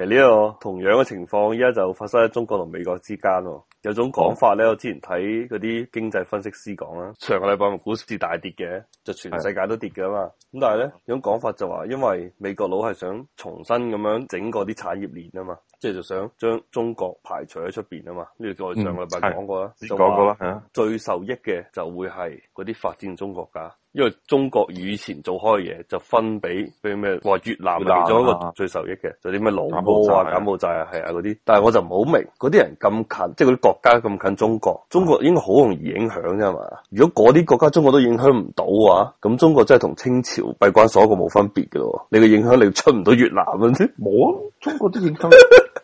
其實呢個同樣嘅情況，依家就發生喺中國同美國之間。有種講法咧，我之前睇嗰啲經濟分析師講啦，上個禮拜個股市大跌嘅，就全世界都跌㗎嘛。咁的但係咧，有種講法就話，因為美國佬係想重新咁樣整個啲產業鏈啊嘛，即係就想將中國排除喺出邊啊嘛，跟住再上個禮拜講過啦，嗯、就話最受益嘅就會係嗰啲發展中國家。因為中國以前做開嘅嘢就分俾俾咩，話越南嚟咗一個最受益嘅，啊，就啲咩勞保債啊、柬埔寨啊係啊嗰啲。但係我就唔好明，嗰啲人咁近，即係嗰啲國家咁近中國，中國應該好容易影響啫嘛。如果嗰啲國家中國都影響唔到嘅話，咁中國真係同清朝閉關鎖國冇分別嘅咯。你嘅影響力出唔到越南，唔知冇啊？中國啲影響力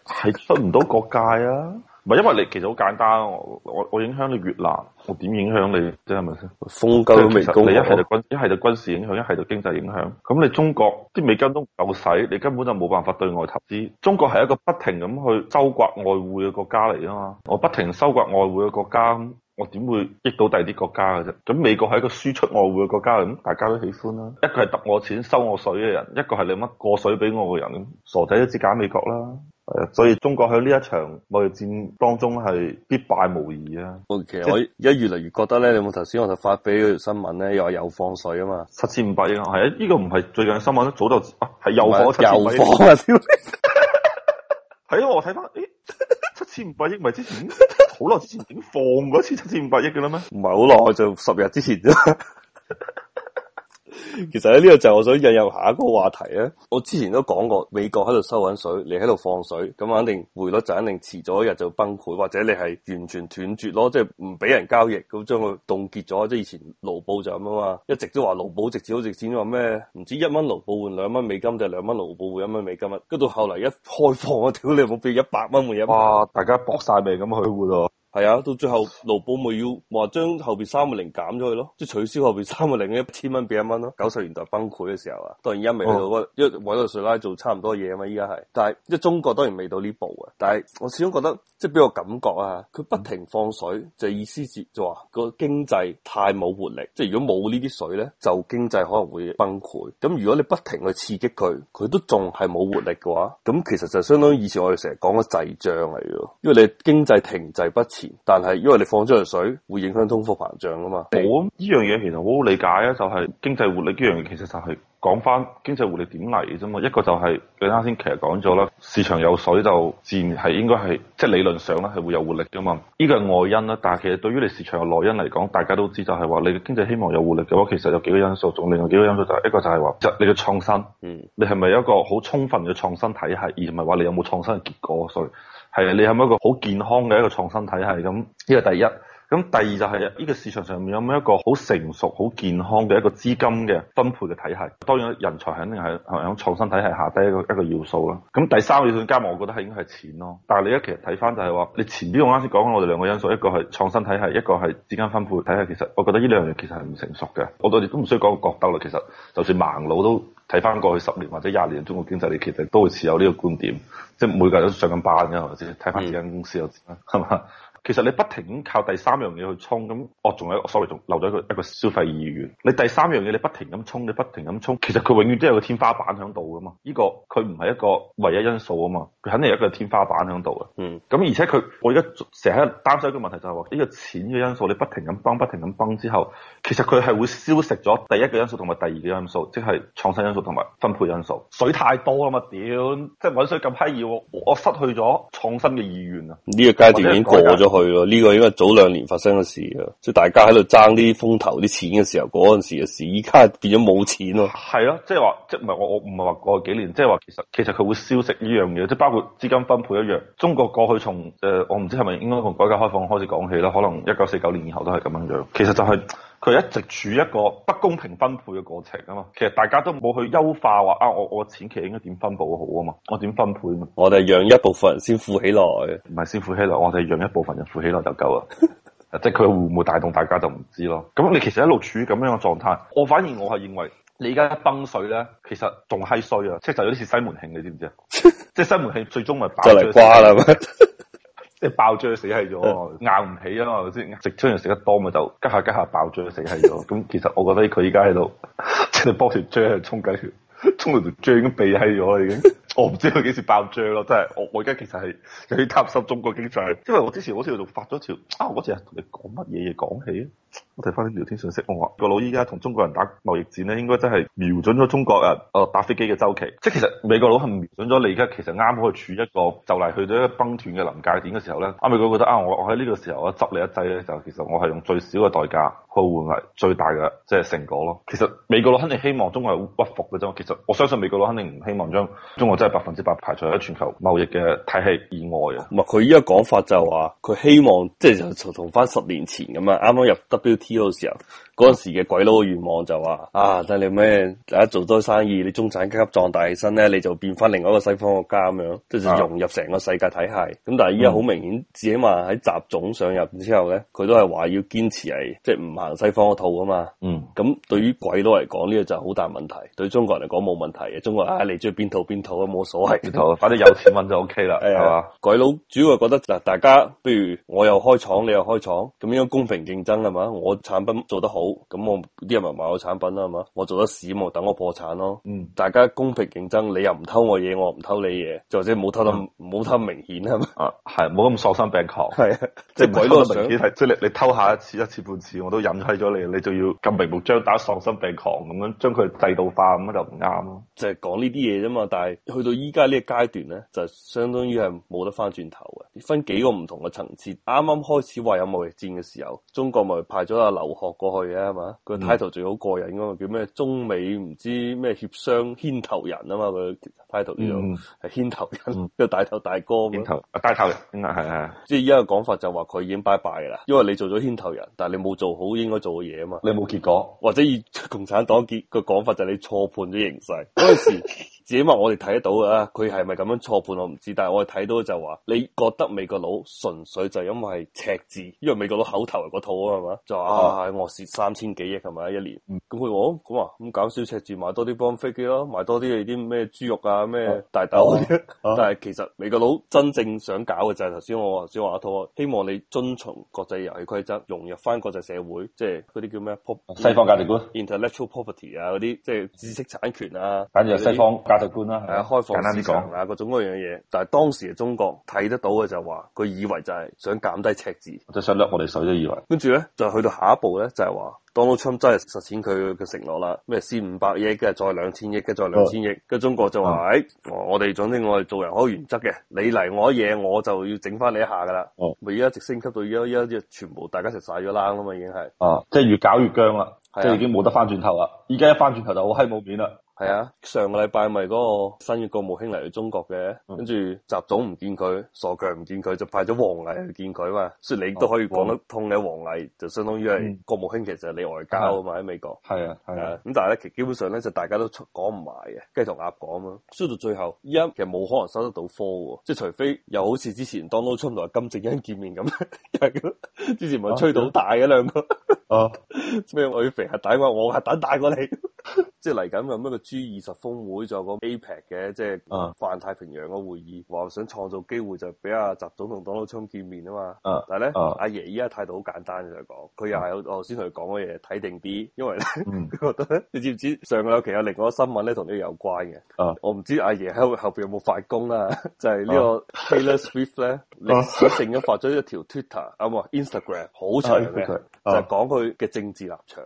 係出唔到國界啊。 唔係，因為你其實好簡單。我我影響你越南，我點影響你？即係咪先？封鳩都未攻，你一係就軍，一係就軍事影響，一係就經濟影響。咁你中國啲美金都唔夠使，你根本就冇辦法對外投資。中國係一個不停咁去收刮外匯嘅國家嚟啊嘛！我不停收刮外匯嘅國家，我點會益到第二啲國家嘅啫？咁美國係一個輸出外匯嘅國家，咁大家都喜歡啦。一個係揼我錢收我水嘅人，一個係你乜過水俾我嘅人，傻仔都只揀美國啦。所以中國喺呢一場貿易戰當中係必敗無疑啊！其實 Okay, 即我而家越嚟越覺得咧，你冇頭先我就發俾佢條新聞咧，又話、這個啊、又放水啊嘛，七千五百億係啊，呢個唔係最近新聞，早就係又放又放啊！笑，係啊，我睇翻，七千五百億咪之前好耐 之前已經放過一次七千五百億嘅啦咩？唔係好耐就十日之前啫。 其實喺呢、這個就係我想引入下一個話題咧，我之前都講過，美國喺度收緊水，你喺度放水，咁肯定匯率就肯定遲咗一日就崩潰，或者你係完全斷絕咯，即係唔俾人交易，咁將佢凍結咗，即係以前盧布就咁啊嘛，一直都話盧布值錢好值錢，話咩唔知一蚊盧布換兩蚊美金，定係兩蚊盧布換一蚊美金啊，跟到後嚟一開放啊，屌你冇俾一百蚊換一，哇，大家搏晒命咁去換咯。係啊，到最後盧布咪要話將後邊三個零減咗佢咯，即係取消後邊三個零嘅，一千蚊變一蚊咯。九十年代崩潰嘅時候啊，當然而家未到個，哦、因為委內瑞拉做差唔多嘢啊嘛，依家係，但係即係中國當然未到呢步啊。但係我始終覺得即係俾個感覺啊，佢不停放水，就是、意思就就話個經濟太冇活力。即係如果冇呢啲水咧，就經濟可能會崩潰。咁如果你不停去刺激佢，佢都仲係冇活力嘅話，咁其實就相當於以前我哋成日講嘅滯脹嚟嘅，因為你經濟停滯不前。但係，因為你放咗入水，會影響通貨膨脹啊嘛。對 我呢樣嘢其實好理解啊，就係經濟活力呢樣嘢，其實就係、是。講翻經濟活力點嚟嘅啫嘛，一個就係你啱先其實講咗啦，市場有水就自然係應該係即係理論上咧係會有活力噶嘛，呢個係外因啦。但係其實對於你市場嘅內因嚟講，大家都知就係話你嘅經濟希望有活力嘅話，其實有幾個因素，仲另外幾個因素就係一個就係話，就你嘅創新，你係咪一個好充分嘅創新體系，而唔係話你有冇創新嘅結果，所以係你係咪一個好健康嘅一個創新體系咁？呢個第一。咁第二就係呢個市場上面有冇一個好成熟、好健康嘅一個資金嘅分配嘅體系？當然人才肯定係係喺創新體系下低一個一個要素啦。咁第三個要素加埋，我覺得係應該係錢咯。但係你一其實睇翻就係話，你前邊我啱先講緊我哋兩個因素，一個係創新體系，一個係資金分配體系。其實我覺得呢兩樣其實係唔成熟嘅。我到時都唔需要講個角度啦。其實就算盲佬都睇翻過去十年或者廿年中國經濟，你其實都會持有呢個觀點，即係每個人都上緊班嘅，係咪先？睇翻幾間公司又點嘛？其實你不停靠第三樣嘢去衝，咁我仲有 sorry 仲留咗一個一個，一個消費意願。你第三樣嘢你不停咁衝，你不停咁衝，其實佢永遠都有個天花板喺度噶嘛。呢、這個佢唔係一個唯一因素啊嘛，佢肯定有一個天花板喺度嘅。嗯，咁而且佢我而家成日擔心一個問題就係話呢個錢嘅因素你不停咁崩，不停咁崩之後，其實佢係會消食咗第一個因素同埋第二嘅因素，即係創新因素同埋分配因素。水太多啊嘛，屌，即係搵水咁閪易，我我失去咗創新嘅意願啊！呢個階段已經過咗。去呢、這個應該係早兩年發生嘅事，即係大家喺度爭啲風頭啲錢嘅時候，嗰陣時嘅事，而家變咗冇錢咯。係咯、啊，即係話，即係唔係我我唔係話過去幾年，即係話其實其實佢會消食呢樣嘢，即係包括資金分配一樣。中國過去從誒、呃，我唔知係咪應該從改革開放開始講起啦，可能一九四九年以後都係咁樣樣。其實就係、是。佢一直處於一個不公平分配嘅過程啊嘛，其實大家都冇去優化話啊，我我錢其實應該點分配好啊嘛，我點分配啊嘛，我哋讓一部分人先富起來，唔係先富起來，我哋讓一部分人富起來就夠啦， 即係佢會唔會帶動大家就唔知咯。咁你其實一路處於咁樣嘅狀態，我反而我係認為你而家崩水咧，其實仲係衰啊，即係就是、有啲似西門慶你知唔知啊？ 即係西門慶最終咪爆嚟瓜啦即係爆漿死喺咗，硬唔 起啊嘛，知食雖然食得多咪就急下急下爆漿死喺咗。咁 其實我覺得佢而家喺度即係煲條漿嚟，沖緊血，沖條漿已經避喺咗啦已經。我唔知佢幾時爆漿咯，真係我我而家其實係有啲擔心中國經濟，因為我之前好似仲發咗條啊嗰陣同你講乜嘢嘢講起。我睇翻啲聊天信息，我話個佬依家同中國人打貿易戰咧，應該真係瞄準咗中國人，誒、呃、打飛機嘅周期。即係其實美國佬係瞄準咗你而家，其實啱好去處一個就嚟去到一個崩斷嘅臨界點嘅時候咧，啱好佢覺得啊，我我喺呢個時候我執你一劑咧，就其實我係用最少嘅代價去換嚟最大嘅即係成果咯。其實美國佬肯定希望中國係屈服嘅啫。其實我相信美國佬肯定唔希望將中國真係百分之百排除喺全球貿易嘅體系以外啊。唔係佢依家講法就話佢希望即係就同翻十年前咁啊，啱啱入得。T 嗰時候，嗰陣時嘅鬼佬嘅願望就話啊，得你咩，大家做多生意，你中產階級壯大起身咧，你就變翻另外一個西方國家咁樣，即係融入成個世界體系。咁、啊、但係依家好明顯，至起碼喺習總上入之後咧，佢都係話要堅持係即係唔行西方嘅套啊嘛。嗯，咁對於鬼佬嚟講呢個就係好大問題，對中國人嚟講冇問題嘅。中國人啊，你中意邊套邊套都冇所謂，反正、啊、 有錢揾就 O K 啦，係嘛？鬼佬主要係覺得嗱，大家，譬如我又開廠，你又開廠，咁樣公平競爭係嘛？我產品做得好，咁我啲人咪買我產品啦，係嘛？我做得屎，咁咪等我破產咯。嗯，大家公平競爭，你又唔偷我嘢，我唔偷你嘢，就或者冇偷得冇、嗯、偷明顯啊嘛。啊、嗯，係冇咁喪心病狂。係啊是，即係鬼偷得明顯，係即係你偷下一次、一次半次，我都忍閪咗你，你就要咁明目張膽喪心病狂咁樣將佢制度化，咁就唔啱。即係講呢啲嘢啫嘛，但係去到依家呢個階段咧，就相當於係冇得翻轉頭。分幾個唔同嘅層次，啱啱開始話有貿易戰嘅時候，中國咪派咗阿劉鶴過去嘅係嘛？佢 title 仲好過癮，嗰個叫咩？中美唔知咩協商牽頭人啊嘛，佢 title 呢種係牽頭人，即係、嗯、大頭大哥。牽頭啊，大頭人啊，係係。即係依家嘅講法就話佢已經拜拜㗎啦，因為你做咗牽頭人，但係你冇做好應該做嘅嘢啊嘛。你冇結果，或者以共產黨結嘅講法就係你錯判咗形勢。嗰時。 只咪我哋睇得到嘅，佢係咪咁樣錯判我唔知，但係我哋睇到就話，你覺得美國佬純粹就因為赤字，因為美國佬口頭係講一套啦係嘛，就話、啊啊、我惡蝕三千幾億係咪一年？咁佢話咁啊，咁搞少赤字，買多啲幫飛機咯，買多啲你啲咩豬肉啊咩大豆、啊。啊啊、但係其實美國佬真正想搞嘅就係頭先我先話一套，希望你遵從國際遊戲規則，融入翻國際社會，即係嗰啲叫咩？西方價值觀？intellectual property 啊嗰啲，即係知識產權啊，反正西方。價值觀啦，係啊，開放啲講啊，各種各樣嘢。但係當時嘅中國睇得到嘅就話，佢以為就係想減低赤字，就想得我哋水啫，以為。跟住咧，就去到下一步咧，就係話 Donald Trump 真係實踐佢嘅承諾啦。咩先五百億，跟住再兩千億，跟住再兩千億，跟中國就話：誒，我哋總之我哋做人好原則嘅，你嚟我嘢，我就要整翻你一下噶啦。哦，咪而家一直升級到而家一全部大家食晒咗冷咁啊嘛已經係。哦，即係越搞越僵啦，即係已經冇得翻轉頭啦。而家一翻轉頭就好閪冇面啦。係啊， 上個禮拜咪嗰個新嘅國務卿嚟到中國嘅，跟住習總唔見佢，傻強唔見佢，就派咗王毅去見佢嘛。所以你都可以講得通嘅，王毅就相當於係國務卿，其實係你外交啊嘛，喺美國。係啊，係 啊樂，咁、 嗯、但係咧，其實基本上咧就大家都講唔埋嘅，跟住同鴨講嘛。所以到最後依家其實冇可能收得到科嘅，即係除非又好似之前 Donald Trump 同金正恩見面咁， 之前咪吹到大嘅兩個，咩 我要肥核彈，我話我核彈大過你。即係嚟緊有咩個 G 二十峯會，就講 APEC 嘅，即係泛太平洋個會議，話想創造機會就俾阿習總同鄧老闆見面啊嘛。但係咧，阿爺依家態度好簡單嚟講，佢又係我先同佢講嘅嘢，睇定啲，因為咧，佢覺得你知唔知上個星期有另外個新聞咧同呢個有關嘅？我唔知阿爺喺後邊有冇發功啦，就係呢個 Taylor Swift 咧，你成日發咗一條 Twitter 啊，唔係 Instagram，好長嘅，就係講佢嘅政治立場。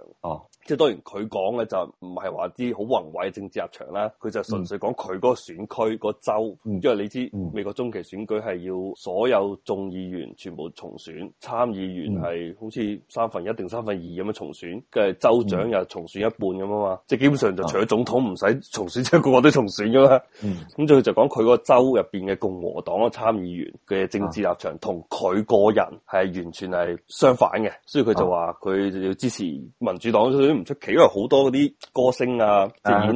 即係當然佢講嘅就唔係話，啲好宏偉嘅政治立場啦，佢就純粹講佢嗰個選區嗰、嗯、州，因為你知、嗯、美國中期選舉係要所有眾議員全部重選，參議員係好似三分一定三分二咁樣重選，跟住州長又重選一半咁啊嘛，即係、嗯、基本上就除咗總統唔使重選，即係個個都重選噶啦。咁佢、嗯、就講佢嗰個州入邊嘅共和黨嘅參議員嘅政治立場同佢個人係完全係相反嘅，所以佢就話佢要支持民主黨都唔出奇，因為好多嗰啲歌星。啊，演藝界人都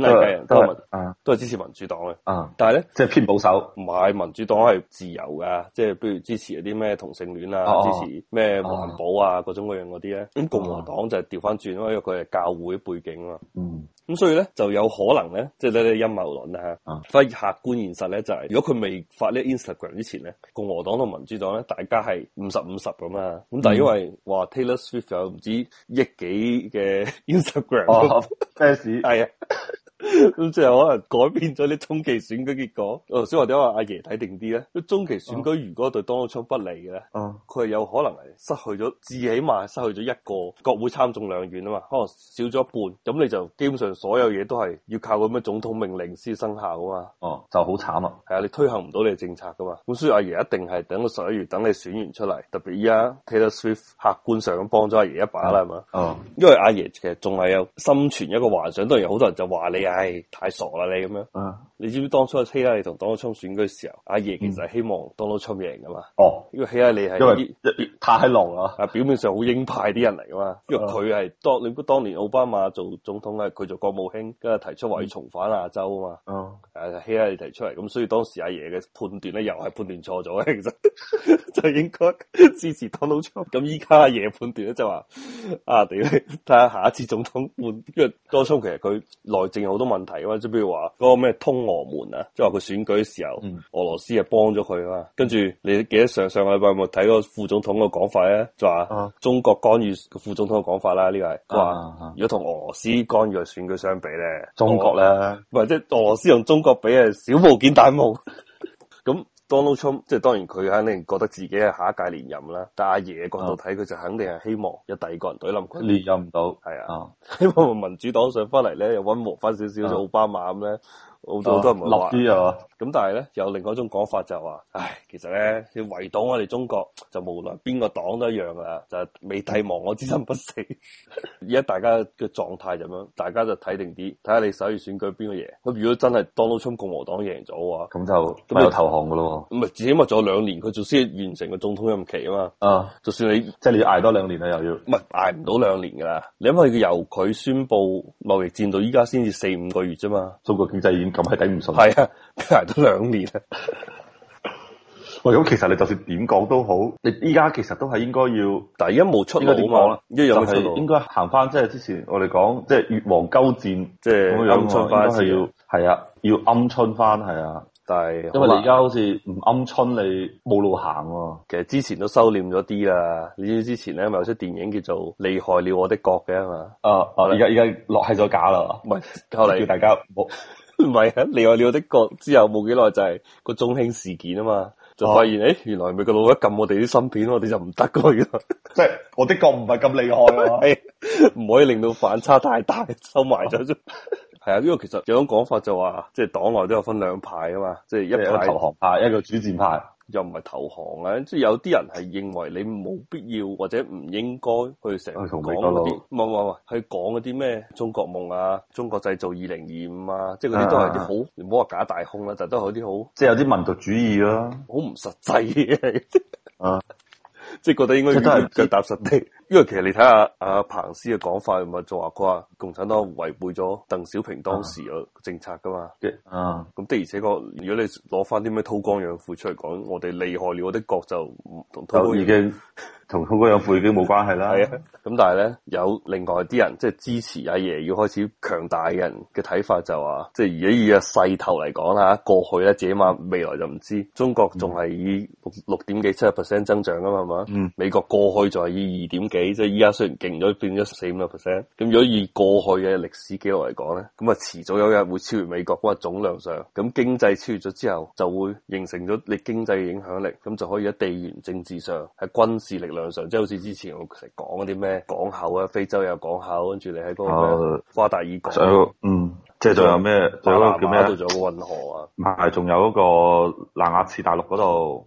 係是，都是啊，都係支持民主黨嘅。啊、但係咧，即係偏保守，唔係民主黨係自由噶，即係譬如支持啲咩同性戀啊，支持咩環保啊，啊各種各樣嗰啲咧。咁、啊、共和黨就係調翻轉咯，因為佢係教會背景啊嘛。嗯。咁所以咧就有可能咧，即係呢啲陰謀論啊。嚇、嗯。但係客觀現實咧就係、是，如果佢未發呢 Instagram 之前咧，共和黨同民主黨咧，大家係五十五十咁啊。咁但係因為話、嗯、Taylor Swift 有唔知億幾嘅 Instagram fans、哦、係 啊！ 咁即係可能改變咗你中期選舉結果。我、哦、所以話點話，阿爺睇定啲咧。中期選舉如果對 Donald Trump 不利嘅咧，佢係、啊、有可能嚟失去咗，至少係失去咗一個國會參眾兩院啊嘛。可能少咗一半，咁你就基本上所有嘢都係要靠咁樣總統命令先生效噶嘛。哦、啊，就好慘啊！係啊，你推行唔到你嘅政策噶嘛。咁所以阿爺一定係等到十一月等你選完出嚟，特別而家 Taylor Swift 客觀上咁幫咗阿爺一把啦，係嘛？哦，因為阿爺其實仲係有心存一個幻想，當然有好多人就話你啊。係、哎、太傻啦你咁樣，uh, 你知唔知當初希拉里同 Donald Trump 選舉嘅時候，阿爺其實希望 Donald Trump 贏噶嘛？哦，uh, 因為希拉里係因為太狼啦，表面上好鷹派啲人嚟噶嘛，uh, 因為佢係當你當年奧巴馬做總統咧，佢做國務卿，跟住提出話要重返亞洲啊嘛，uh, 希拉里提出嚟，咁所以當時阿爺嘅判斷咧，又係判斷錯咗嘅，其實 就應該支持 Donald Trump。咁依家阿爺判斷咧，就話、是、啊，屌，睇下下一次總統換 Donald Trump，其實佢內政好多問題啊，嘛，即係比如話嗰個咩通俄門啊，即係話佢選舉時候、嗯、俄羅斯係幫咗佢啊，嘛。跟住你記得上上個禮拜有冇睇過個副總統個講法啊，就話中國干預副總統嘅講法啦，呢、這個係話如果同俄羅斯干預選舉相比咧，中國咧，唔係即俄羅斯用中國比係小巫見大巫，咁、 嗯。Donald Trump 即係當然佢肯定覺得自己係下一屆連任啦，但係阿爺嘅角度睇，佢、嗯、就肯定係希望有第二個人隊冧佢。連任唔到，係啊，嗯、希望民主黨上翻嚟咧，又溫和翻少少，像奧巴馬咁咧，好多都唔會落啲啊。咁但係咧，有另外一種講法就係、是、話，唉，其實咧，要圍堵我哋中國，就無論邊個黨都一樣啦，就係美帝亡我之心不死。而 家大家嘅狀態就咁樣，大家就睇定啲，睇下你首月選舉邊個贏。咁如果真係當勞侵共和黨贏咗嘅話，咁就咪投降噶咯？唔係，起碼仲有兩年，佢就先完成個總統任期啊嘛。啊，就算你即係你要挨多兩年咧，又要唔係挨唔到兩年噶啦。你因為由佢宣布貿易戰到依家先至四五個月啫嘛。中國經濟已經咁係頂唔順，係啊。都咗兩年啊！喂，咁其實你就算點講都好，你依家其實都係應該要，但係而家冇出應該點講嘛，一係應該行翻即係之前我哋講，即係越王勾踐，即係鵪鶉翻是要係啊，要鵪鶉翻係啊，但係因為你而家好似唔鵪鶉，你冇路行喎。其實之前都收斂咗啲啦，你知之前咧咪有出電影叫做《厲害了我的國》嘅嘛？啊，而家而家落喺咗架啦，唔係叫大家冇。唔係啊，厲害了我的國之後冇幾耐就係個中興事件啊嘛，就發現誒、哦欸，原來美國佬一撳我哋啲芯片，我哋就唔得噶啦，即係我的國唔係咁厲害啊，唔、 啊、可以令到反差太大，收埋咗啫。係 啊，因為其實有種講法就話，即係黨內都有分兩派噶嘛，即、就、係、是、一個投降派，一個主戰派。又唔係投降咧、啊，即係有啲人係認為你冇必要或者唔應該去成日講嗰啲，唔係唔係唔係，去講嗰啲咩中國夢啊、中國製造二零二五啊，即係嗰啲都係啲好，唔好話假大空啦、啊，但都係啲好，即係有啲民族主義咯，好唔實際啊，即係覺得應該都係腳踏實地。因為其實你睇下阿彭斯嘅講法，咪就話佢話共產黨違背咗鄧小平當時嘅政策噶嘛啊？啊，咁的而且確，如果你攞翻啲咩韜光養晦出嚟講，我哋厲害了我的國就唔同韜、嗯、光養晦。嗯同通哥有背景冇關係啦，係啊，咁但係咧有另外啲人即係支持阿爺，爺要開始強大嘅人嘅睇法就話、是，即係如果以個勢頭嚟講啦，過去咧最起碼未來就唔知。中國仲係以 6,、嗯、六點幾七十 percent 增長啊嘛，嗯、美國過去就係以二點幾，即係依家雖然勁咗變咗四五六 percent，咁如果以過去嘅歷史記錄嚟講咧，咁啊遲早有一日會超越美國嗰個總量上，咁經濟超越咗之後就會形成咗你經濟嘅影響力，咁就可以喺地緣政治上喺軍事力量。即係好似之前我成講嗰啲咩港口啊，非洲有港口，跟住你喺嗰個咩瓜達爾港，嗯，即係仲有咩？仲有叫咩？仲有，有個運河啊？唔係麼，仲有嗰個南亞次大陸嗰度。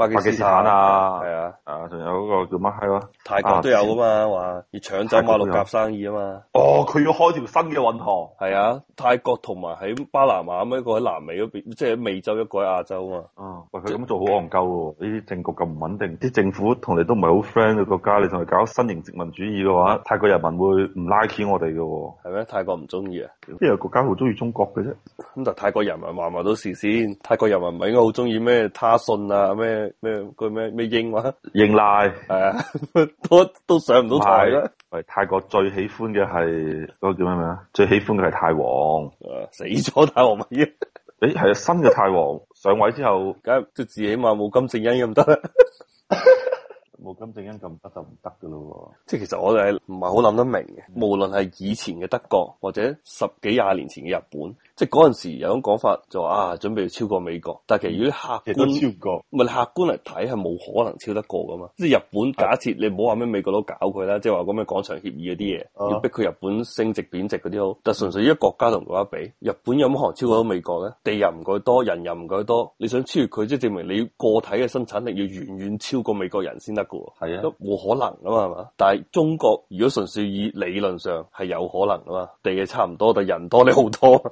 巴基斯坦啊！係啊！啊，仲有嗰個叫乜閪啊？泰國都有噶嘛？話要搶走馬六甲生意啊嘛！哦，佢要開條新嘅運河，係啊，泰國同埋喺巴拿馬一個喺南美嗰邊，即係美洲一個喺亞洲啊嘛。啊！喂，佢咁做好戇鳩喎！呢啲政局咁唔穩定，啲政府同你都唔係好 friend 嘅國家，你同佢搞新型殖民主義嘅話，泰國人民會唔 like 我哋嘅？係咩？泰國唔中意啊！邊個國家好中意中國嘅啫？咁就泰國人民話埋到事先，泰國人民唔係應該好中意咩他信啊咩？咩佢咩咩英話英拉係啊，都都上唔到台啦。喂，泰國最喜歡嘅係嗰個叫咩名啊？最喜歡嘅係泰王， 死咗泰王咪？誒， 係啊，新嘅泰王 上位之後，梗係自己嘛冇金正恩咁得啦。 冇金正恩咁得就唔得噶咯喎！即係其實我哋係唔係好諗得明嘅。嗯、無論係以前嘅德國或者十幾廿年前嘅日本，即係嗰陣時有種講法就話、是、啊，準備要超過美國。但係其實如果客觀、嗯、超過，唔係客觀嚟睇係冇可能超得過噶嘛。即係日本假設你唔好話咩美國佬搞佢啦，即係話咁嘅《廣場協議》嗰啲嘢，要逼佢日本升值貶值嗰啲好，但係純粹呢個國家同國家比，日本有冇可能超過到美國咧？地又唔夠多，人又唔夠多，你想超越佢，即係證明你個體嘅生產力要遠遠超過美國人先得。係是啊，都冇可能噶嘛，係嘛，但係中國如果純粹以理論上係有可能噶嘛，地嘅差唔多，但係人多你好多， 多，多，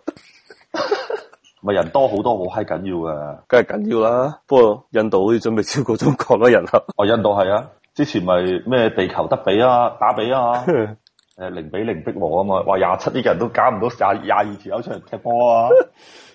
咪人多好多好閪緊要噶，梗係緊要啦。不過印度好似準備超過中國咯人口， 哦印度係啊，之前咪咩地球得比啊，打比啊，誒 零比零逼和啊嘛，話廿七億人都搞唔到廿廿二條友出嚟踢波啊。